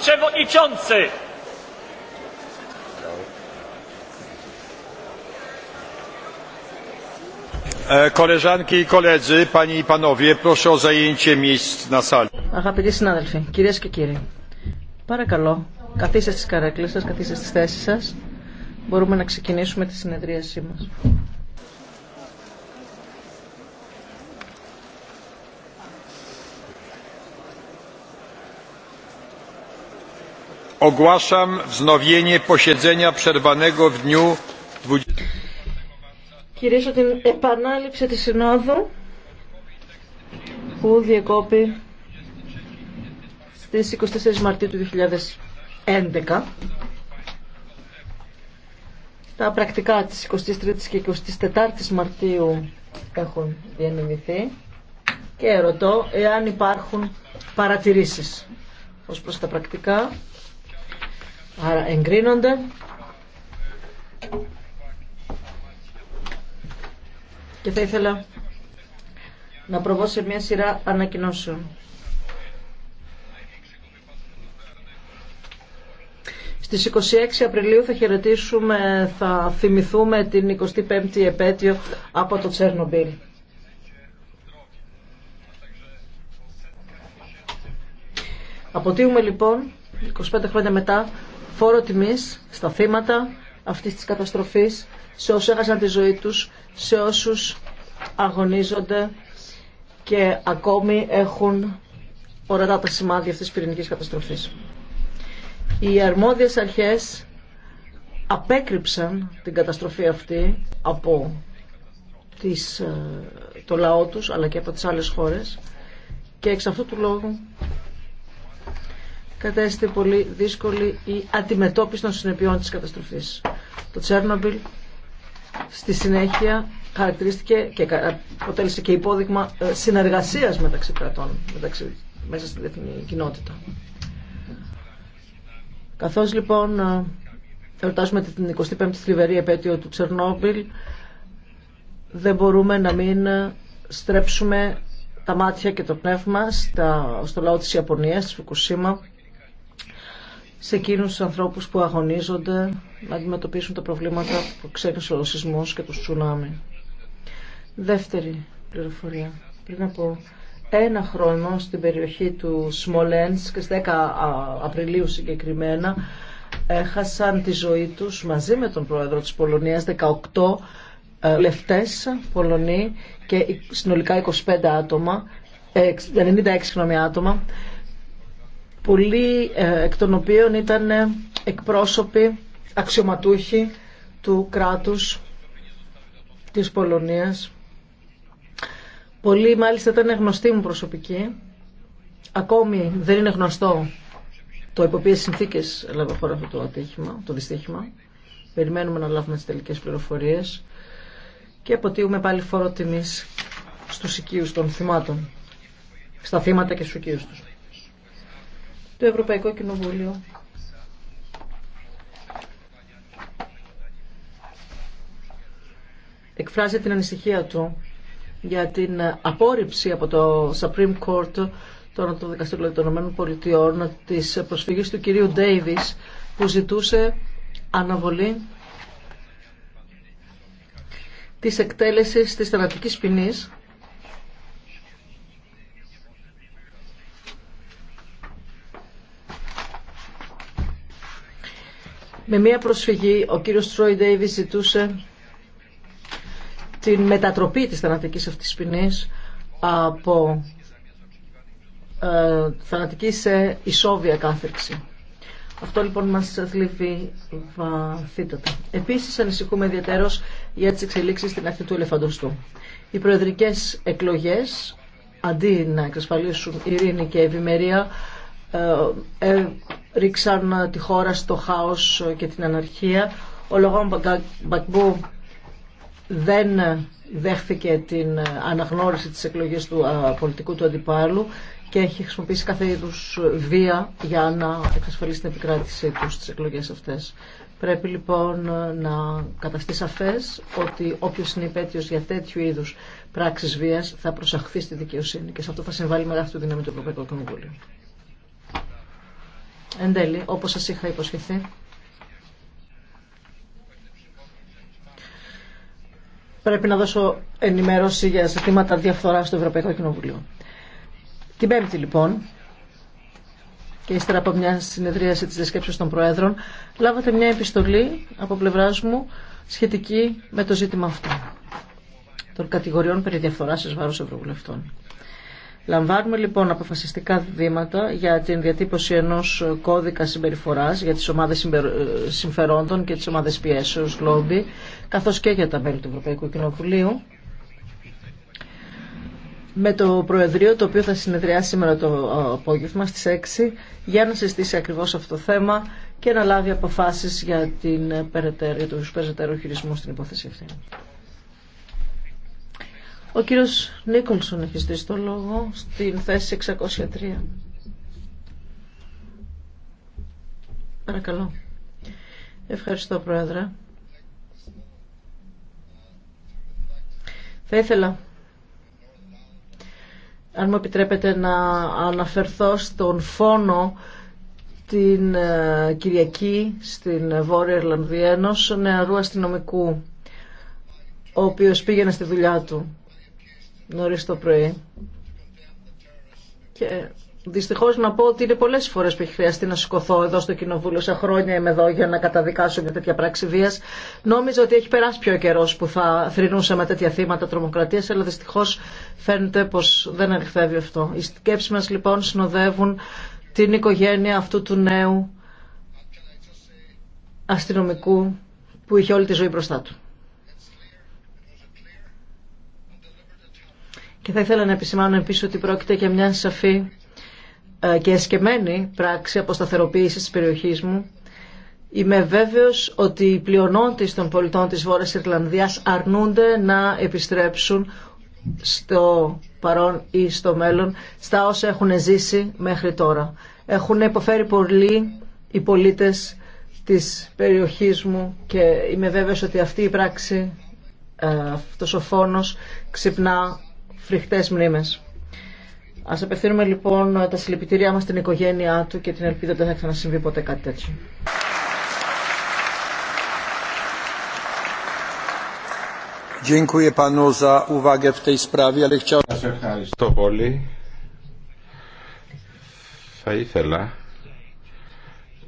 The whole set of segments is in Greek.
przewodniczący! E, koleżanki i koledzy, panie i panowie, proszę o zajęcie miejsc na sali. Αγαπητοί συνάδελφοι, κυρίες και κύριοι, παρακαλώ, καθίστε στις καρέκλες σας, καθίστε στις θέσεις σας. Μπορούμε να ξεκινήσουμε τη συνεδρίασή μας. Ogłaszam wznowienie posiedzenia przerwanego Κυρίσω την επανάληψη της Συνόδου που διεκόπη στις 24 Μαρτίου του 2011. Τα πρακτικά της 23ης και 24ης Μαρτίου έχουν διανεμηθεί και ρωτώ εάν υπάρχουν παρατηρήσεις ως προς τα πρακτικά. Άρα εγκρίνονται. Και θα ήθελα να προβώ σε μια σειρά ανακοινώσεων. Στις 26 Απριλίου θα χαιρετήσουμε, θα θυμηθούμε την 25η επέτειο από το Τσέρνομπιλ. Αποτείουμε λοιπόν, 25 χρόνια μετά, φόρο τιμής στα θύματα αυτής της καταστροφής, σε όσους έχασαν τη ζωή τους, σε όσους αγωνίζονται και ακόμη έχουν ορατά τα σημάδια αυτής της πυρηνικής καταστροφής. Οι αρμόδιες αρχές απέκρυψαν την καταστροφή αυτή από τις, ε, το λαό τους αλλά και από τις άλλες χώρες και εξ αυτού του λόγου κατέστη πολύ δύσκολη η αντιμετώπιση των συνεπειών της καταστροφής. Το Τσέρνομπιλ στη συνέχεια χαρακτηρίστηκε και αποτέλεσε και υπόδειγμα ε, συνεργασίας μεταξύ κρατών, μεταξύ, μέσα στην διεθνή κοινότητα. Καθώς λοιπόν ε, εορτάζουμε την 25η θλιβερή επέτειο του Τσερνόμπιλ, δεν μπορούμε να μην ε, στρέψουμε τα μάτια και το πνεύμα στο λαό της Ιαπωνίας, της Φουκουσίμα, σε εκείνους τους ανθρώπους που αγωνίζονται να αντιμετωπίσουν τα προβλήματα που ξένους ο σεισμός και το τσουνάμι. Δεύτερη πληροφορία. Πριν από ένα χρόνο στην περιοχή του Σμολένς και στις 10 Απριλίου συγκεκριμένα έχασαν τη ζωή τους μαζί με τον πρόεδρο της Πολωνίας 18 ε, λευτές Πολωνοί και συνολικά 25 άτομα 96 ε, άτομα πολλοί ε, εκ των οποίων ήταν ε, εκπρόσωποι, αξιωματούχοι του κράτους της Πολωνίας. Πολλοί μάλιστα ήταν γνωστοί μου προσωπικοί. Ακόμη δεν είναι γνωστό το υπό ποιες συνθήκες έλαβε χώρα αυτό το ατύχημα, το δυστύχημα. Περιμένουμε να λάβουμε τις τελικές πληροφορίες και αποτείουμε πάλι φόρο τιμής στους οικείους των θυμάτων, στα θύματα και στους οικείους τους. Το Ευρωπαϊκό Κοινοβούλιο Εκφράζει την ανησυχία του για την απόρριψη από το Supreme Court των το Δικαστήριων των Πολιτειών της προσφυγής του κυρίου Ντέιβις που ζητούσε αναβολή της εκτέλεσης της θανατικής ποινής Με μία προσφυγή ο κύριος Τρόι Ντέιβις ζητούσε την μετατροπή της θανατικής αυτής ποινής από ε, θανατική σε ισόβια κάθεξη. Αυτό λοιπόν μας θλίβει βαθύτατα. Επίσης ανησυχούμε ιδιαίτερως για τις εξελίξεις στην αρχή του ελεφαντοστού. Οι προεδρικές εκλογές, αντί να εξασφαλίσουν ειρήνη και ευημερία, ε, ε, ρίξαν ε, τη χώρα στο χάος ε, και την αναρχία. Ο Λογόν Μπακμπού δεν ε, δέχθηκε την αναγνώριση της εκλογής του πολιτικού του αντιπάλου και έχει χρησιμοποιήσει κάθε είδου βία για να εξασφαλίσει την επικράτησή του στις εκλογές αυτές. Πρέπει λοιπόν να καταστεί σαφές ότι όποιος είναι υπέτειος για τέτοιου είδους πράξεις βίας θα προσαχθεί στη δικαιοσύνη και σε αυτό θα συμβάλλει μεγάλη του δύναμη του Ευρωπαϊκού Κοινοβουλίου. Εν τέλει, όπως σας είχα υποσχεθεί, πρέπει να δώσω ενημέρωση για ζητήματα διαφθοράς στο Ευρωπαϊκό Κοινοβουλίο. Την Πέμπτη, λοιπόν, και ύστερα από μια συνεδρίαση της Δεσκέψης των Προέδρων, λάβατε μια επιστολή από πλευράς μου σχετική με το ζήτημα αυτό των κατηγοριών περί διαφθοράς εις βάρος ευρωβουλευτών. Λαμβάνουμε λοιπόν αποφασιστικά βήματα για την διατύπωση ενός κώδικα συμπεριφοράς για τις ομάδες ε, συμφερόντων και τις ομάδες πιέσεως, λόμπι, καθώς και για τα μέλη του Ευρωπαϊκού Κοινοβουλίου με το Προεδρείο το οποίο θα συνεδριάσει σήμερα το απόγευμα στις 6 για να συστήσει ακριβώς αυτό το θέμα και να λάβει αποφάσεις για, την, για περαιτέρω χειρισμού στην υπόθεση αυτή. Ο κύριος Νίκολσον έχει στήσει το λόγο στην θέση 603. Παρακαλώ. Ευχαριστώ, Πρόεδρε. Θα ήθελα, αν μου επιτρέπετε, να αναφερθώ στον φόνο την ε, Κυριακή στην Βόρεια Ιρλανδία ενός νεαρού αστυνομικού ο οποίος πήγαινε στη δουλειά του νωρίς το πρωί. Και δυστυχώς να πω ότι είναι πολλές φορές που έχει χρειαστεί να σηκωθώ εδώ στο κοινοβούλιο. Σε χρόνια είμαι εδώ για να καταδικάσω μια τέτοια πράξη βίας. Νόμιζα ότι έχει περάσει πιο καιρό που θα θρυνούσαμε τέτοια θύματα τρομοκρατίας, αλλά δυστυχώς φαίνεται πως δεν αληθεύει αυτό. Οι σκέψεις μας λοιπόν συνοδεύουν την οικογένεια αυτού του νέου αστυνομικού που είχε όλη τη ζωή μπροστά του. Και θα ήθελα να επισημάνω επίσης ότι πρόκειται για μια σαφή ε, και εσκεμμένη πράξη αποσταθεροποίησης της περιοχής μου. Είμαι βέβαιος ότι οι πλειονότητες των πολιτών της Βόρειας Ιρλανδίας αρνούνται να επιστρέψουν στο παρόν ή στο μέλλον στα όσα έχουν ζήσει μέχρι τώρα. Έχουν υποφέρει πολλοί οι πολίτες της περιοχής μου και είμαι βέβαιος ότι αυτή η πράξη, ε, αυτός ο φόνος ξυπνά φρικτές μνήμες. Ας απευθύνουμε λοιπόν τα συλληπιτήριά μας στην οικογένειά του και την ελπίδα ότι δεν θα ξανασυμβεί ποτέ κάτι τέτοιο. Σας ευχαριστώ πολύ. Θα ήθελα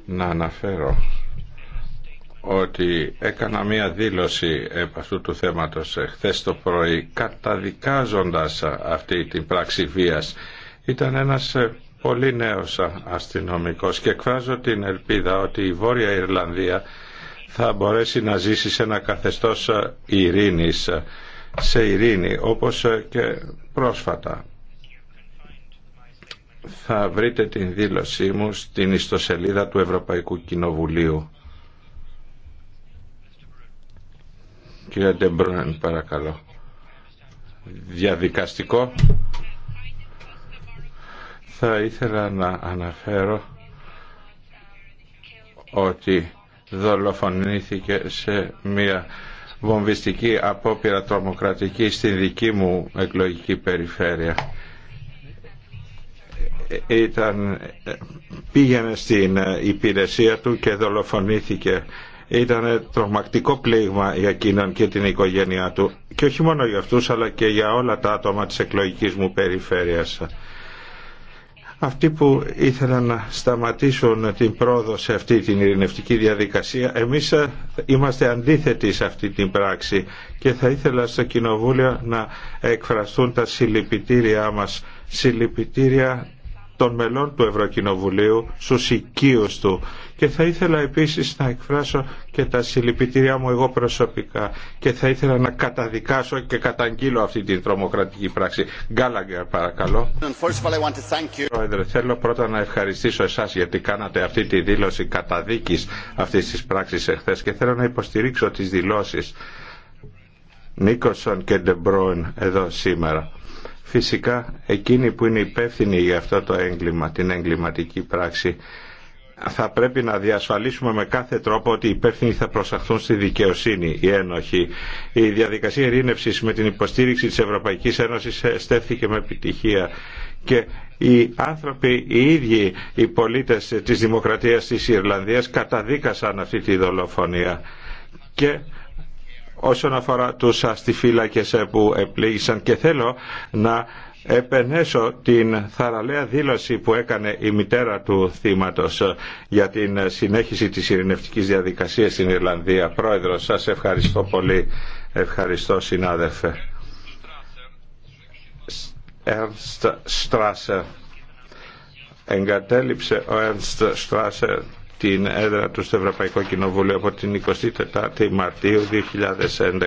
να αναφέρω ότι έκανα μία δήλωση επ' αυτού του θέματος ε, χθες το πρωί καταδικάζοντας ε, αυτή την πράξη βίας. Ήταν ένας ε, πολύ νέος αστυνομικός και εκφράζω την ελπίδα ότι η Βόρεια Ιρλανδία θα μπορέσει να ζήσει σε ένα καθεστώς ειρήνης, σε ειρήνη όπως και πρόσφατα. Θα βρείτε την δήλωσή μου στην ιστοσελίδα του Ευρωπαϊκού Κοινοβουλίου. Κύριε Ντεμπρούν, παρακαλώ. Διαδικαστικό. Θα ήθελα να αναφέρω ότι δολοφονήθηκε σε μια βομβιστική απόπειρα τρομοκρατική στη δική μου εκλογική περιφέρεια. Ήταν, πήγαινε στην υπηρεσία του και δολοφονήθηκε ήταν τρομακτικό πλήγμα για εκείνον και την οικογένειά του και όχι μόνο για αυτούς αλλά και για όλα τα άτομα της εκλογικής μου περιφέρειας. Αυτοί που ήθελαν να σταματήσουν την πρόοδο σε αυτή την ειρηνευτική διαδικασία, εμείς ε, είμαστε αντίθετοι σε αυτή την πράξη και θα ήθελα στο Κοινοβούλιο να εκφραστούν τα συλληπιτήριά μας, συλληπιτήρια των μελών του Ευρωκοινοβουλίου στους οικείους του. Και θα ήθελα επίσης να εκφράσω και τα συλληπιτήριά μου εγώ προσωπικά και θα ήθελα να καταδικάσω και καταγγείλω αυτή την τρομοκρατική πράξη. Γκάλαγκερ παρακαλώ. Πρόεδρε, θέλω πρώτα να ευχαριστήσω εσάς γιατί κάνατε αυτή τη δήλωση καταδίκης αυτής της πράξης εχθές και θέλω να υποστηρίξω τις δηλώσεις Νίκοσον και Ντεμπρόιν εδώ σήμερα Φυσικά εκείνοι που είναι υπεύθυνοι για αυτό το έγκλημα, την εγκληματική πράξη, θα πρέπει να διασφαλίσουμε με κάθε τρόπο ότι οι υπεύθυνοι θα προσαχθούν στη δικαιοσύνη, η ένοχοι. Η διαδικασία ειρήνευσης με την υποστήριξη της Ευρωπαϊκής Ένωσης στέφθηκε με επιτυχία και οι άνθρωποι οι ίδιοι, οι πολίτες της Δημοκρατίας της Ιρλανδίας καταδίκασαν αυτή τη δολοφονία όσον αφορά τους αστιφύλακες ε, που επλήγησαν και θέλω να επενέσω την θαραλέα δήλωση που έκανε η μητέρα του θύματος ε, για την συνέχιση της ειρηνευτικής διαδικασίας στην Ιρλανδία. Πρόεδρος, σας ευχαριστώ πολύ. Ευχαριστώ συνάδελφε. Ernst Strasser. Εγκατέλειψε ο Ernst Strasser την έδρα του στο Ευρωπαϊκό Κοινοβούλιο από την 24η Μαρτίου 2011